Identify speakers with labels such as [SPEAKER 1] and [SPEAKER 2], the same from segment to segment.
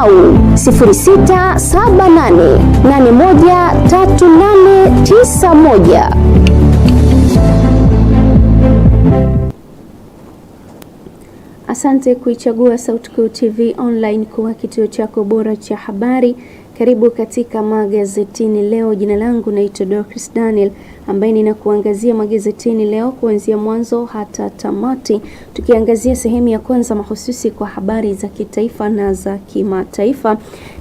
[SPEAKER 1] au 0678813891.
[SPEAKER 2] Asante kuichagua Kuu TV online kuwa kituo chako bora cha habari. Karibu katika magazetini leo. Jina langu naitwa Dorcas Daniel, ambaye ninakuangazia magazetini leo kuanzia mwanzo hata tamati, tukiangazia sehemu ya kwanza mahususi kwa habari za kitaifa na za kimataifa.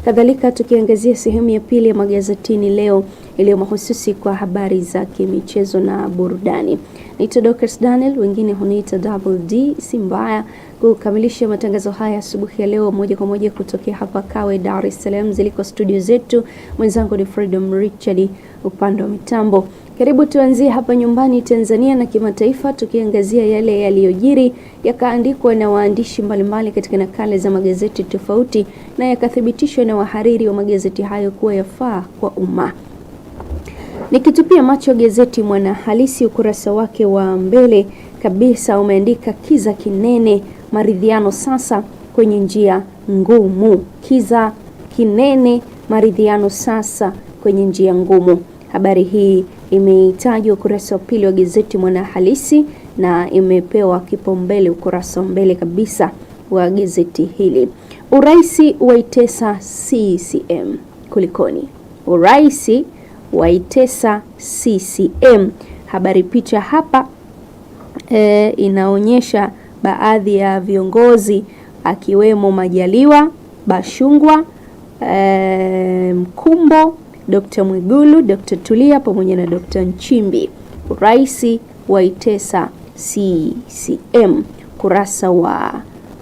[SPEAKER 2] Kadhalika tukiangazia sehemu ya pili ya magazetini leo iliyo mahususi kwa habari za kimichezo na burudani. Naitwa Dorcas Daniel, wengine huniita Double D. Si mbaya kukamilisha matangazo haya asubuhi ya leo moja kwa moja kutokea hapa Kawe, Dar es Salaam, ziliko studio zetu. Mwenzangu ni Freedom Richard upande wa mitambo. Karibu tuanzie hapa nyumbani Tanzania na kimataifa, tukiangazia yale yaliyojiri yakaandikwa na waandishi mbalimbali katika nakala za magazeti tofauti na yakathibitishwa na wahariri wa magazeti hayo kuwa yafaa kwa umma. Nikitupia macho gazeti mwana halisi ukurasa wake wa mbele kabisa umeandika kiza kinene, maridhiano sasa kwenye njia ngumu. Kiza kinene, maridhiano sasa kwenye njia ngumu. Habari hii imeitajwa ukurasa wa pili wa gazeti Mwanahalisi na imepewa kipaumbele ukurasa wa mbele kabisa wa gazeti hili. Uraisi waitesa CCM kulikoni? Uraisi waitesa CCM. Habari picha hapa e, inaonyesha baadhi ya viongozi akiwemo Majaliwa, Bashungwa, e, Mkumbo Dr. Mwigulu, Dr. Tulia pamoja na Dr. Nchimbi. Rais wa Itesa CCM, kurasa wa,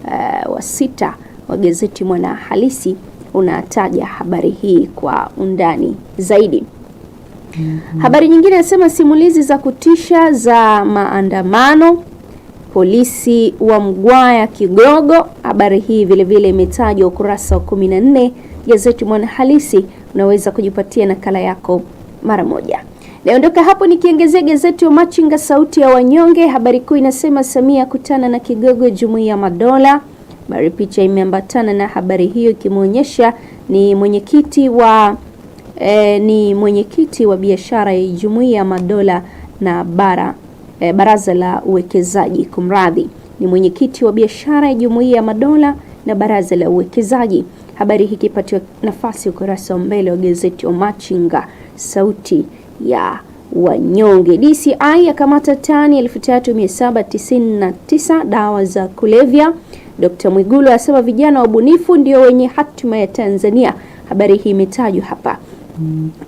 [SPEAKER 2] uh, wa sita wa gazeti Mwana Halisi unataja habari hii kwa undani zaidi. Mm -hmm. Habari nyingine inasema simulizi za kutisha za maandamano, polisi wa mgwaya kigogo. Habari hii vilevile imetajwa ukurasa wa 14 gazeti Mwana Halisi unaweza kujipatia nakala yako mara moja. Naondoka hapo nikiongezea gazeti wa Machinga sauti ya wanyonge. Habari kuu inasema Samia kutana na kigogo jumuiya madola. Bari picha imeambatana na habari hiyo ikimwonyesha ni mwenyekiti wa e, ni mwenyekiti wa biashara ya jumuiya madola na bara e, baraza la uwekezaji. Kumradhi, ni mwenyekiti wa biashara ya jumuiya ya madola na baraza la uwekezaji. Habari hii ikipatiwa nafasi ukurasa wa mbele wa gazeti machinga sauti ya wanyonge. DCI yakamata tani 3799 dawa za kulevya. Dkt Mwigulu asema vijana wabunifu ndio wenye hatima ya Tanzania. Habari hii imetajwa hapa.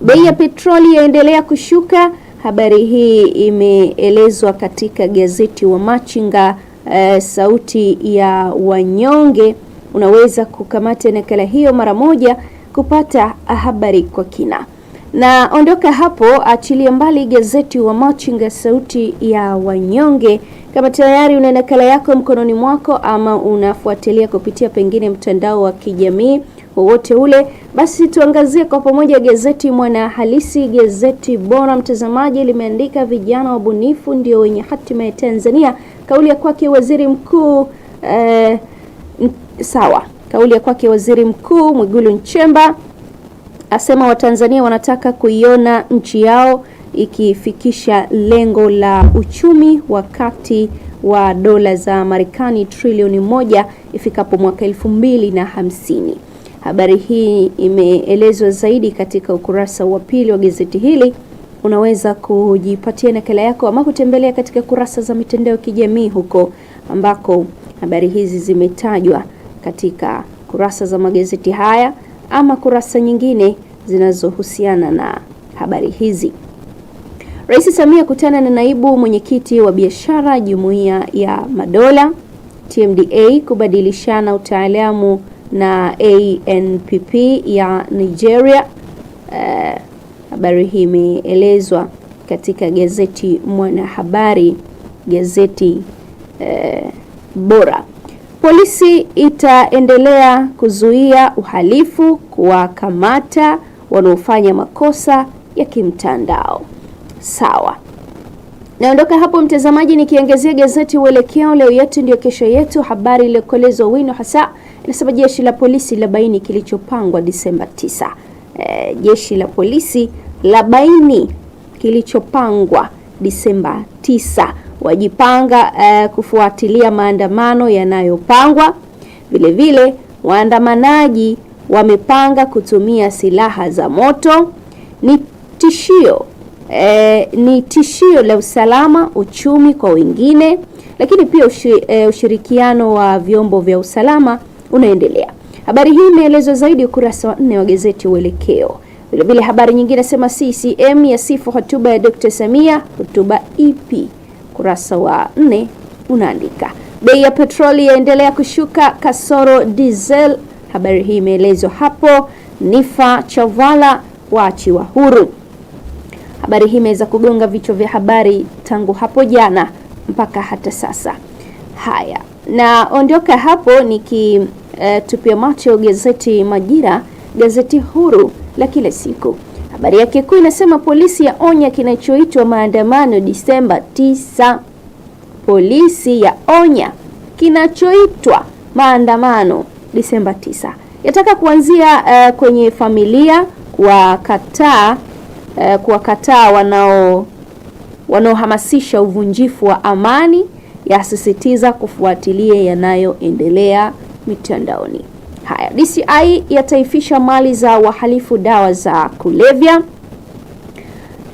[SPEAKER 2] Bei ya petroli yaendelea kushuka. Habari hii imeelezwa katika gazeti wa Machinga, eh, sauti ya wanyonge unaweza kukamata nakala hiyo mara moja kupata habari kwa kina. Na ondoka hapo, achilia mbali gazeti wa Machinga, sauti ya wanyonge. Kama tayari una nakala yako mkononi mwako ama unafuatilia kupitia pengine mtandao wa kijamii wowote ule, basi tuangazie kwa pamoja gazeti Mwana Halisi, gazeti bora mtazamaji. Limeandika vijana wabunifu ndio wenye hatima ya Tanzania, kauli ya kwake waziri mkuu eh, sawa. Kauli ya kwake Waziri Mkuu Mwigulu Nchemba asema Watanzania wanataka kuiona nchi yao ikifikisha lengo la uchumi wa kati wa dola za Marekani trilioni moja ifikapo mwaka elfu mbili na hamsini. Habari hii imeelezwa zaidi katika ukurasa wa pili wa gazeti hili. Unaweza kujipatia nakala yako ama kutembelea katika kurasa za mitandao ya kijamii huko ambako Habari hizi zimetajwa katika kurasa za magazeti haya ama kurasa nyingine zinazohusiana na habari hizi. Rais Samia kutana na naibu mwenyekiti wa biashara Jumuiya ya Madola. TMDA kubadilishana utaalamu na ANPP ya Nigeria. Eh, habari hii imeelezwa katika gazeti Mwanahabari, gazeti eh, bora. Polisi itaendelea kuzuia uhalifu, kuwakamata wanaofanya makosa ya kimtandao. Sawa. Naondoka hapo mtazamaji, nikiangazia gazeti Uelekeo, leo yetu ndio kesho yetu, habari iliyokolezwa wino hasa inasema jeshi la polisi la baini kilichopangwa Disemba 9. E, eh, jeshi la polisi la baini kilichopangwa Disemba 9 wajipanga uh, kufuatilia maandamano yanayopangwa. Vilevile waandamanaji wamepanga kutumia silaha za moto. Ni tishio eh, ni tishio la usalama, uchumi kwa wengine, lakini pia ushi, eh, ushirikiano wa vyombo vya usalama unaendelea. Habari hii imeelezwa zaidi ukurasa wa nne wa gazeti Uelekeo. Vilevile habari nyingine nasema CCM ya sifu hotuba ya Dr. Samia, hotuba ipi? ukurasa wa nne unaandika bei ya petroli yaendelea kushuka kasoro diesel. Habari hii imeelezwa hapo. Nifa Chavala waachiwa huru. Habari hii imeweza kugonga vichwa vya habari tangu hapo jana mpaka hata sasa. Haya, naondoka hapo nikitupia e, macho gazeti Majira, gazeti huru la kila siku. Habari yake kuu inasema polisi ya onya kinachoitwa maandamano Disemba 9. Polisi ya onya kinachoitwa maandamano Disemba 9, yataka kuanzia uh, kwenye familia kuwakataa uh, kuwakataa wanao wanaohamasisha uvunjifu wa amani, yasisitiza kufuatilia yanayoendelea mitandaoni. Haya, DCI yataifisha mali za wahalifu dawa za kulevya.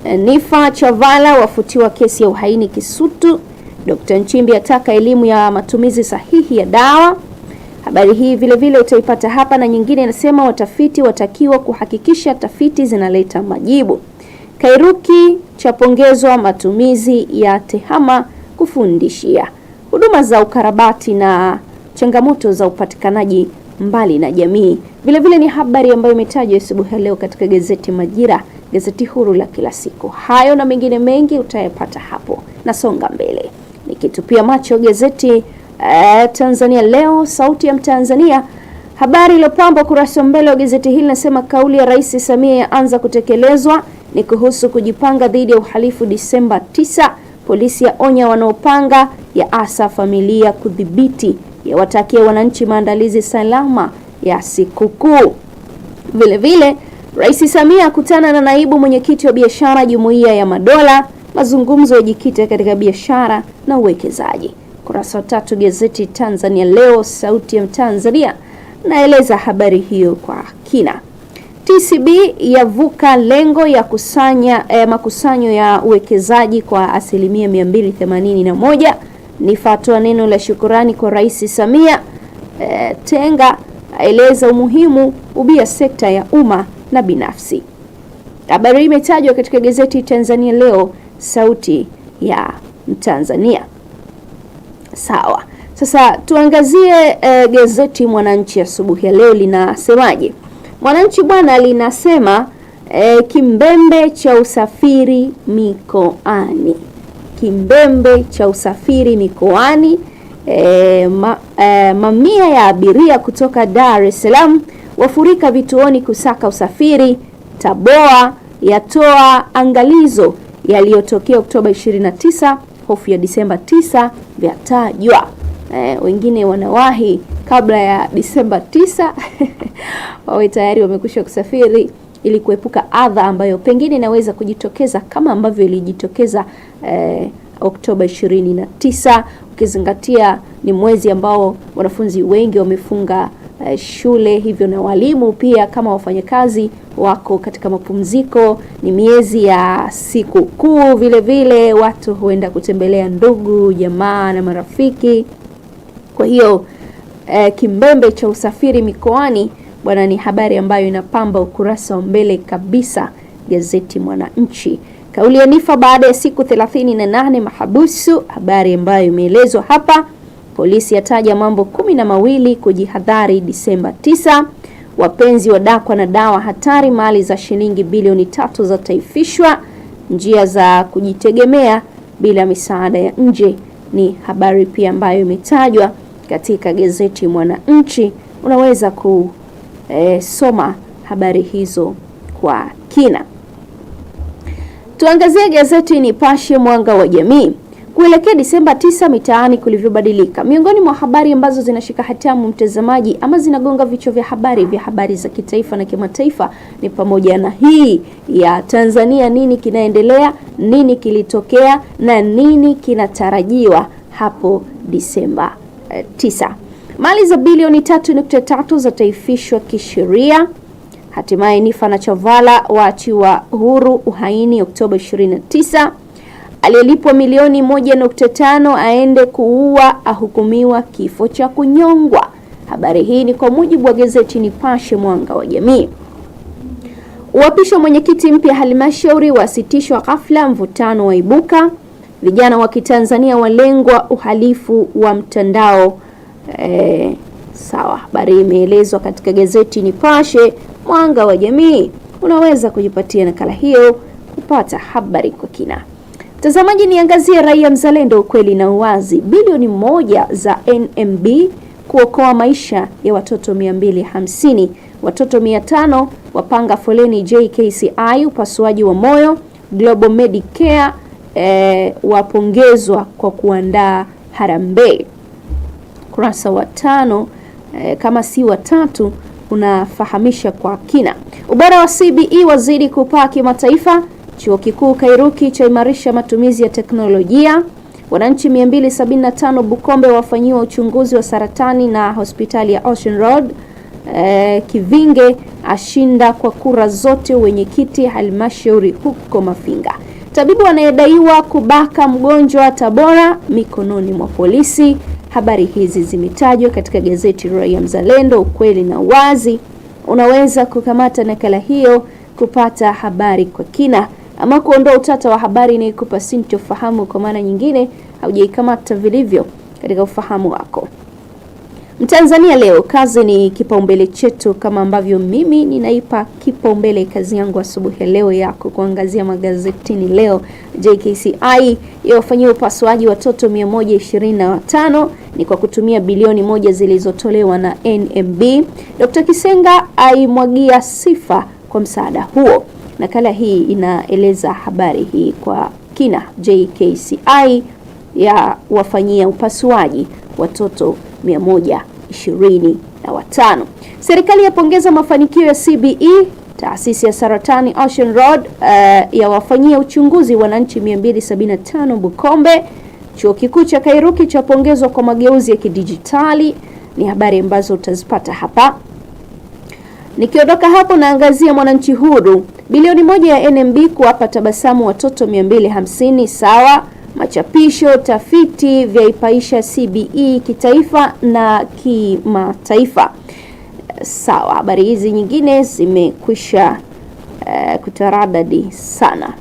[SPEAKER 2] Eh, Nifa Chavala wafutiwa kesi ya uhaini Kisutu. Dkt. Nchimbi ataka elimu ya matumizi sahihi ya dawa. Habari hii vile vile utaipata hapa na nyingine inasema watafiti watakiwa kuhakikisha tafiti zinaleta majibu. Kairuki chapongezwa matumizi ya tehama kufundishia. Huduma za ukarabati na changamoto za upatikanaji mbali na jamii. Vilevile ni habari ambayo imetajwa asubuhi ya leo katika gazeti Majira, gazeti huru la kila siku. Hayo na mengine mengi utayapata hapo. Nasonga mbele nikitupia macho gazeti eh, Tanzania Leo, sauti ya Mtanzania. Habari iliyopambwa kurasa mbele wa gazeti hili nasema kauli ya Rais Samia yaanza kutekelezwa, ni kuhusu kujipanga dhidi ya uhalifu Disemba 9. Polisi ya onya wanaopanga, ya asa familia kudhibiti yawatakia wananchi maandalizi salama ya sikukuu. Vilevile, Rais Samia akutana na naibu mwenyekiti wa biashara Jumuiya ya Madola, mazungumzo yajikita katika biashara na uwekezaji. Kurasa wa tatu gazeti Tanzania Leo, sauti ya Tanzania, naeleza habari hiyo kwa kina. TCB yavuka lengo ya kusanya eh, makusanyo ya uwekezaji kwa asilimia 281 Nifatoa neno la shukurani kwa Rais Samia e, Tenga aeleza umuhimu ubia sekta ya umma na binafsi. Habari hii imetajwa katika gazeti Tanzania Leo, sauti ya Mtanzania. Sawa, sasa tuangazie e, gazeti Mwananchi asubuhi ya, ya leo linasemaje? Mwananchi bwana linasema e, kimbembe cha usafiri mikoani kimbembe cha usafiri mikoani. E, ma, e, mamia ya abiria kutoka Dar es Salaam wafurika vituoni kusaka usafiri. TABOA yatoa angalizo yaliyotokea Oktoba 29, hofu ya Disemba 9 vyatajwa. E, eh, wengine wanawahi kabla ya Disemba 9 wawe tayari wamekwisha kusafiri ili kuepuka adha ambayo pengine inaweza kujitokeza kama ambavyo ilijitokeza eh, Oktoba 29 ukizingatia ni mwezi ambao wanafunzi wengi wamefunga eh, shule, hivyo na walimu pia kama wafanyakazi wako katika mapumziko. Ni miezi ya siku kuu, vile vile watu huenda kutembelea ndugu, jamaa na marafiki. Kwa hiyo eh, kimbembe cha usafiri mikoani bwana, ni habari ambayo inapamba ukurasa wa mbele kabisa gazeti Mwananchi. Kauli ya Nifa baada ya siku 38 mahabusu, habari ambayo imeelezwa hapa. Polisi yataja mambo kumi na mawili kujihadhari Disemba 9. Wapenzi wadakwa na dawa hatari, mali za shilingi bilioni tatu zataifishwa, njia za kujitegemea bila misaada ya nje ni habari pia ambayo imetajwa katika gazeti Mwananchi. Unaweza ku e, soma habari hizo kwa kina. Tuangazie gazeti Nipashe Mwanga wa Jamii. Kuelekea Disemba 9 mitaani kulivyobadilika. Miongoni mwa habari ambazo zinashika hatamu mtazamaji ama zinagonga vichwa vya habari vya habari za kitaifa na kimataifa ni pamoja na hii ya Tanzania, nini kinaendelea, nini kilitokea na nini kinatarajiwa hapo Disemba 9. Eh, Mali za bilioni 3.3 zataifishwa kisheria. Hatimaye ni na Chavala waachiwa huru uhaini Oktoba 29. Aliyelipwa milioni 1.5 aende kuua ahukumiwa kifo cha kunyongwa. Habari hii ni kwa mujibu wa gazeti Nipashe Mwanga wa Jamii. Uapisho mwenyekiti mpya halmashauri wasitishwa ghafla, mvutano waibuka. Vijana wa Kitanzania walengwa uhalifu wa mtandao E, sawa. Habari imeelezwa katika gazeti Nipashe Mwanga wa Jamii. Unaweza kujipatia nakala hiyo kupata habari kwa kina. Mtazamaji, niangazie Raia Mzalendo, ukweli na uwazi. Bilioni moja za NMB kuokoa maisha ya watoto 250. Watoto 500 wapanga foleni JKCI upasuaji wa moyo. Global Medicare eh, wapongezwa kwa kuandaa harambee ukurasa wa tano e, kama si wa tatu unafahamisha kwa kina ubora wa CBE wazidi kupaa kimataifa. Chuo Kikuu Kairuki chaimarisha matumizi ya teknolojia. Wananchi 275 Bukombe wafanyiwa uchunguzi wa saratani na hospitali ya Ocean Road. E, Kivinge ashinda kwa kura zote wenyekiti halmashauri huko Mafinga. Tabibu anayedaiwa kubaka mgonjwa Tabora mikononi mwa polisi. Habari hizi zimetajwa katika gazeti Raia Mzalendo, ukweli na uwazi. Unaweza kukamata nakala hiyo kupata habari kwa kina, ama kuondoa utata wa habari inayokupa sintofahamu. Kwa maana nyingine, haujaikamata vilivyo katika ufahamu wako. Mtanzania leo, kazi ni kipaumbele chetu, kama ambavyo mimi ninaipa kipaumbele kazi yangu asubuhi ya leo yako kuangazia magazetini leo. JKCI yawafanyia upasuaji watoto 125 ni kwa kutumia bilioni moja zilizotolewa na NMB. Dr. Kisenga aimwagia sifa kwa msaada huo. Nakala hii inaeleza habari hii kwa kina. JKCI ya wafanyia upasuaji watoto 125. Serikali yapongeza mafanikio ya CBE. Taasisi ya saratani Ocean Road uh, yawafanyia uchunguzi wananchi 275 Bukombe. Chuo kikuu cha Kairuki chapongezwa kwa mageuzi ya kidijitali. Ni habari ambazo utazipata hapa. Nikiondoka hapo, naangazia Mwananchi Huru. Bilioni moja ya NMB kuwapa tabasamu watoto 250 sawa machapisho, tafiti vyaipaisha CBE kitaifa na kimataifa. Sawa, habari hizi nyingine zimekwisha eh, kutaradadi sana.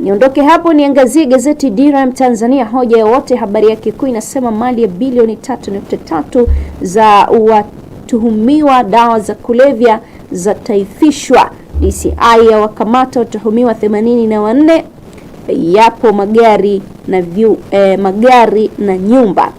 [SPEAKER 2] Niondoke hapo niangazie gazeti Dira Mtanzania, hoja ya wote. Habari yake kuu inasema mali ya bilioni 3.3 za watuhumiwa dawa za kulevya zataifishwa. DCI ya wakamata watuhumiwa 84 yapo magari na view, eh, magari na nyumba.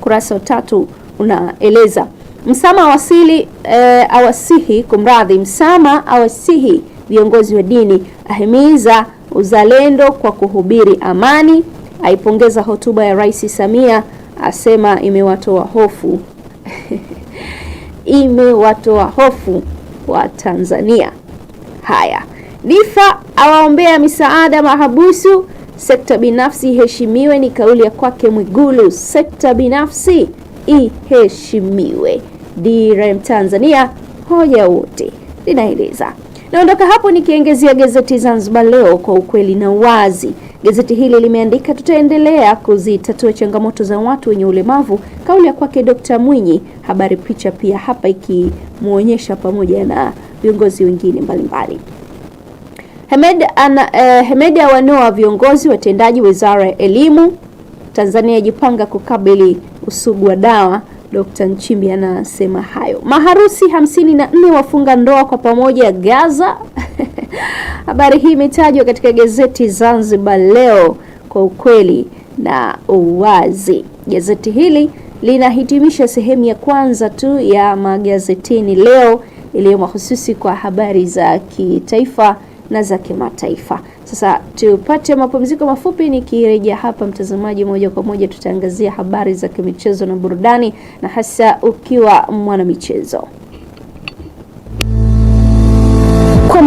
[SPEAKER 2] Kurasa wa tatu unaeleza Msama awasili eh, awasihi kumradhi, Msama awasihi viongozi wa dini, ahimiza uzalendo kwa kuhubiri amani, aipongeza hotuba ya Rais Samia, asema imewatoa hofu imewatoa hofu wa Tanzania. Haya. Lifa awaombea misaada mahabusu. Sekta binafsi iheshimiwe ni kauli ya kwake Mwigulu. Sekta binafsi iheshimiwe. DRM Tanzania hoja wote linaeleza. Naondoka hapo nikiengezea gazeti Zanzibar Leo kwa ukweli na uwazi. Gazeti hili limeandika tutaendelea kuzitatua changamoto za watu wenye ulemavu, kauli ya kwake Dr. Mwinyi. Habari picha pia hapa ikimwonyesha pamoja na viongozi wengine mbalimbali mbali. Hemed ana, eh, Hemed awanoa viongozi watendaji wizara ya elimu. Tanzania yajipanga kukabili usugu wa dawa. Dr. Nchimbi anasema hayo. Maharusi hamsini na nne wafunga ndoa kwa pamoja Gaza. Habari hii imetajwa katika gazeti Zanzibar Leo kwa ukweli na uwazi. Gazeti hili linahitimisha sehemu ya kwanza tu ya magazetini leo iliyo mahususi kwa habari za kitaifa na za kimataifa. Sasa tupate mapumziko mafupi, nikirejea hapa mtazamaji, moja kwa moja tutaangazia habari za kimichezo na burudani, na hasa ukiwa mwanamichezo.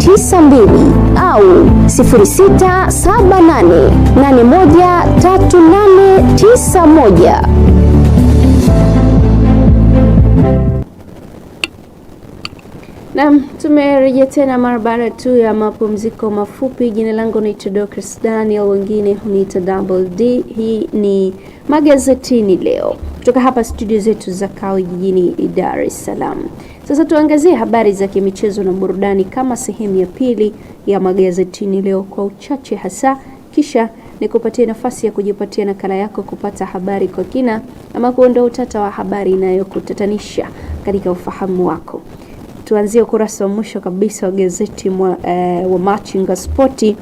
[SPEAKER 1] 92 au 0678813891.
[SPEAKER 2] Naam, tumerejea tena mara baada tu ya mapumziko mafupi. Jina langu naitwa Dorcas Daniel, wengine huniita Double D. Hii ni magazetini leo kutoka hapa studio zetu za Kawe jijini Dar es Salaam. Sasa tuangazie habari za kimichezo na burudani kama sehemu ya pili ya magazetini leo kwa uchache hasa, kisha nikupatie nafasi ya kujipatia nakala yako kupata habari kwa kina ama kuondoa utata wa habari inayokutatanisha katika ufahamu wako. Tuanzie ukurasa wa mwisho kabisa wa gazeti mwa, eh, wa Machinga Sporti.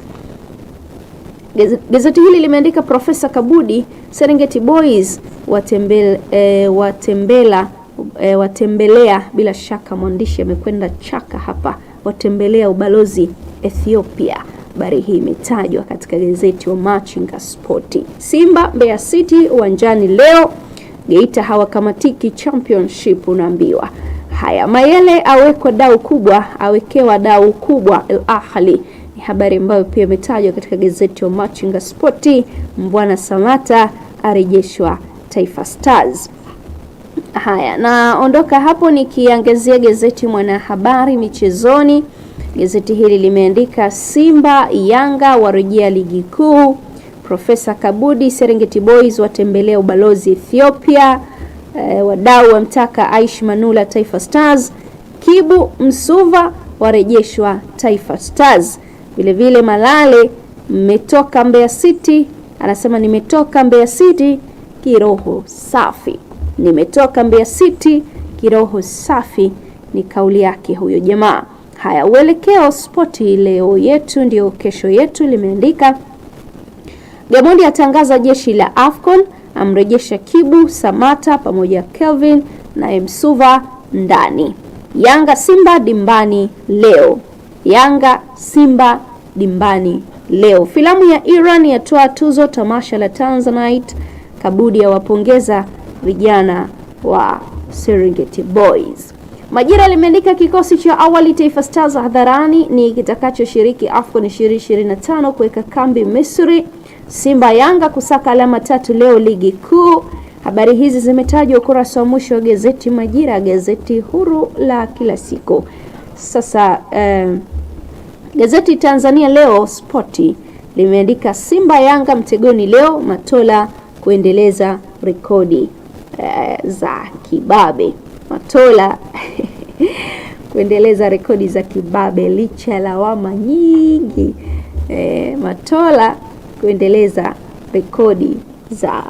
[SPEAKER 2] Gazeti hili limeandika Profesa Kabudi Serengeti Boys watembele, eh, watembela e, watembelea bila shaka mwandishi amekwenda chaka hapa, watembelea ubalozi Ethiopia. Habari hii imetajwa katika gazeti wa Machinga Spoti. Simba Mbeya City uwanjani leo, Geita hawakamatiki championship unaambiwa. Haya, Mayele awekwa dau kubwa, awekewa dau kubwa Al Ahli ni habari ambayo pia imetajwa katika gazeti wa Machinga Spoti. Mbwana Samata arejeshwa Taifa Stars. Haya, naondoka hapo nikiangazia gazeti Mwanahabari michezoni. Gazeti hili limeandika Simba Yanga warejea ligi kuu, Profesa Kabudi Serengeti Boys watembelea ubalozi Ethiopia, e, wadau wamtaka Aish Manula Taifa Stars, Kibu Msuva warejeshwa Taifa Stars. Vilevile Malale mmetoka Mbeya City, anasema nimetoka Mbeya City kiroho safi nimetoka Mbeya City kiroho safi, ni kauli yake huyo jamaa. Haya, uelekeo spoti leo yetu ndio kesho yetu limeandika Gamondi atangaza jeshi la Afcon, amrejesha Kibu Samata pamoja Kelvin na Msuva ndani. Yanga Simba dimbani leo, Yanga Simba dimbani leo. Filamu ya Iran yatoa tuzo tamasha la Tanzanite, Kabudi awapongeza vijana wa Serengeti Boys. Majira limeandika kikosi cha awali Taifa Stars hadharani ni kitakachoshiriki AFCON 2025 kuweka kambi Misri. Simba Yanga kusaka alama tatu leo ligi kuu. Habari hizi zimetajwa ukurasa wa mwisho wa gazeti Majira, gazeti huru la kila siku. Sasa eh, gazeti Tanzania Leo Spoti limeandika Simba Yanga mtegoni leo, Matola kuendeleza rekodi Eh, za kibabe Matola kuendeleza rekodi za kibabe licha ya lawama nyingi. E, Matola kuendeleza rekodi za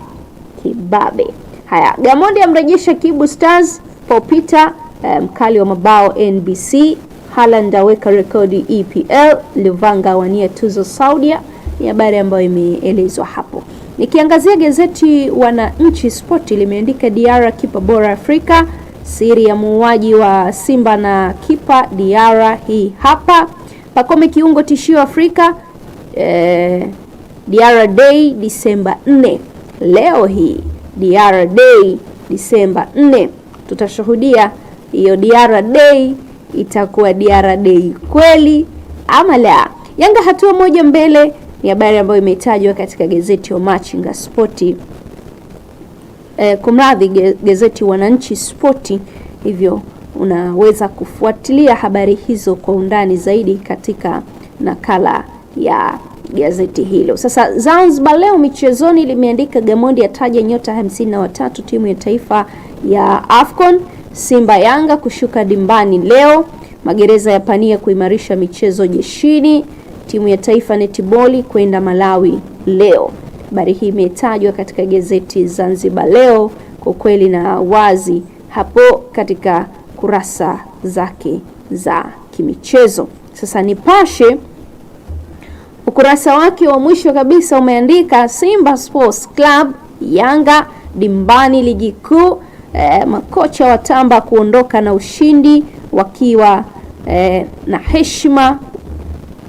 [SPEAKER 2] kibabe. Haya, Gamondi amrejesha Kibu Stars popita eh, mkali wa mabao NBC. Haaland aweka rekodi EPL. Luvanga awania tuzo Saudia. Ni habari ambayo imeelezwa hapo. Nikiangazia gazeti Wananchi Spoti limeandika Diara kipa bora Afrika, siri ya muuaji wa Simba na kipa Diara hii hapa. Pakome kiungo tishio Afrika eh, Diara Day Disemba 4. Leo hii Diara Day Disemba 4 tutashuhudia hiyo Diara Day itakuwa Diara Day kweli ama la? Yanga hatua moja mbele ni habari ambayo imetajwa katika gazeti Omachinga Spoti, e, eh, kumradhi, gazeti Wananchi Spoti. Hivyo unaweza kufuatilia habari hizo kwa undani zaidi katika nakala ya gazeti hilo. Sasa Zanzibar Leo michezoni limeandika Gamondi ataja nyota hamsini na watatu timu ya taifa ya Afcon. Simba Yanga kushuka dimbani leo. Magereza ya kuimarisha michezo jeshini timu ya taifa netiboli kwenda Malawi leo. Habari hii imetajwa katika gazeti Zanzibar Leo kwa kweli na wazi hapo katika kurasa zake za kimichezo. Sasa Nipashe ukurasa wake wa mwisho kabisa umeandika Simba Sports Club Yanga dimbani ligi kuu. Eh, makocha watamba kuondoka na ushindi wakiwa eh, na heshima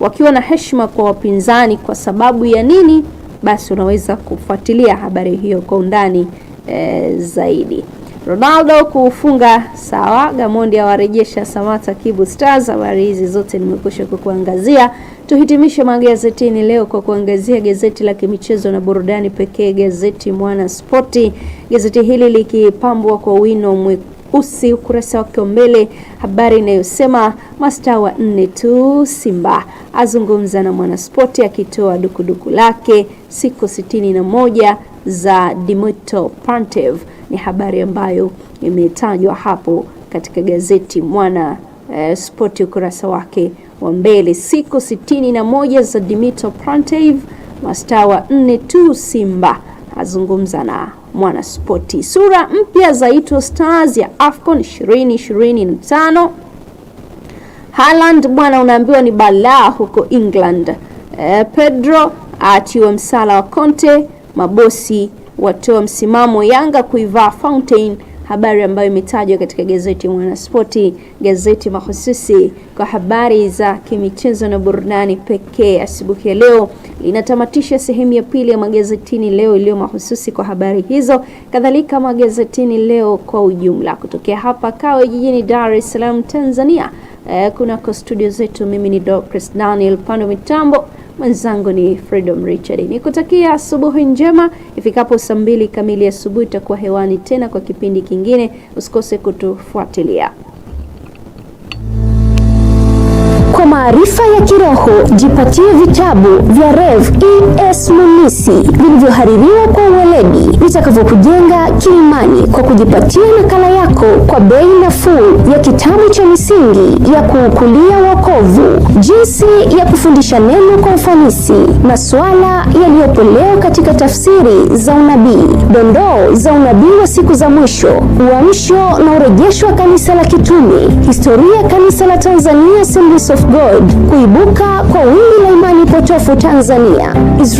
[SPEAKER 2] wakiwa na heshima kwa wapinzani. Kwa sababu ya nini? Basi unaweza kufuatilia habari hiyo kwa undani e, zaidi. Ronaldo kufunga sawa, Gamondi awarejesha Samata Kibu Stars. Habari hizi zote nimekwisha kukuangazia. Tuhitimishe magazetini leo kwa kuangazia gazeti la kimichezo na burudani pekee, gazeti Mwana Spoti. Gazeti hili likipambwa kwa wino mwekundu usi ukurasa wake wa mbele, habari inayosema mastaa wa nne tu Simba azungumza na Mwanaspoti akitoa dukuduku lake siku sitini na moja za Dimitar Pantev. Ni habari ambayo imetajwa hapo katika gazeti Mwana eh, Spoti ukurasa wake wa mbele, siku sitini na moja za Dimitar Pantev, mastaa wa nne tu Simba azungumza na Mwanaspoti. Sura mpya za Ito Stars ya AFCON 2025. Haaland bwana, unaambiwa ni balaa huko England. Eh, Pedro atiwa msala wa Conte, mabosi watoa msimamo Yanga kuivaa Fountain habari ambayo imetajwa katika gazeti Mwanaspoti, gazeti mahususi kwa habari za kimichezo na burudani pekee asubuhi ya leo. Linatamatisha sehemu ya pili ya magazetini leo iliyo mahususi kwa habari hizo, kadhalika magazetini leo kwa ujumla, kutokea hapa Kawe jijini Dar es Salaam, Tanzania. Eh, kunako studio zetu, mimi ni Dorcas Daniel, pando mitambo Mwenzangu ni Freedom Richard, nikutakia asubuhi njema. Ifikapo saa mbili kamili asubuhi itakuwa hewani tena kwa kipindi kingine. Usikose kutufuatilia
[SPEAKER 1] kwa maarifa ya kiroho. Jipatie vitabu vya Rev E Press Munisi vilivyohaririwa kwa uweledi vitakavyokujenga kiimani kwa kujipatia nakala yako kwa bei nafuu ya kitabu cha Misingi ya Kuukulia Wokovu, Jinsi ya Kufundisha Neno kwa Ufanisi, Masuala Yaliyopolewa katika Tafsiri za Unabii, Dondoo za Unabii wa Siku za Mwisho, Uamsho na Urejesho wa Kanisa la Kitume, Historia ya Kanisa la Tanzania Assemblies of God, Kuibuka kwa Wingi la Imani Potofu Tanzania Israel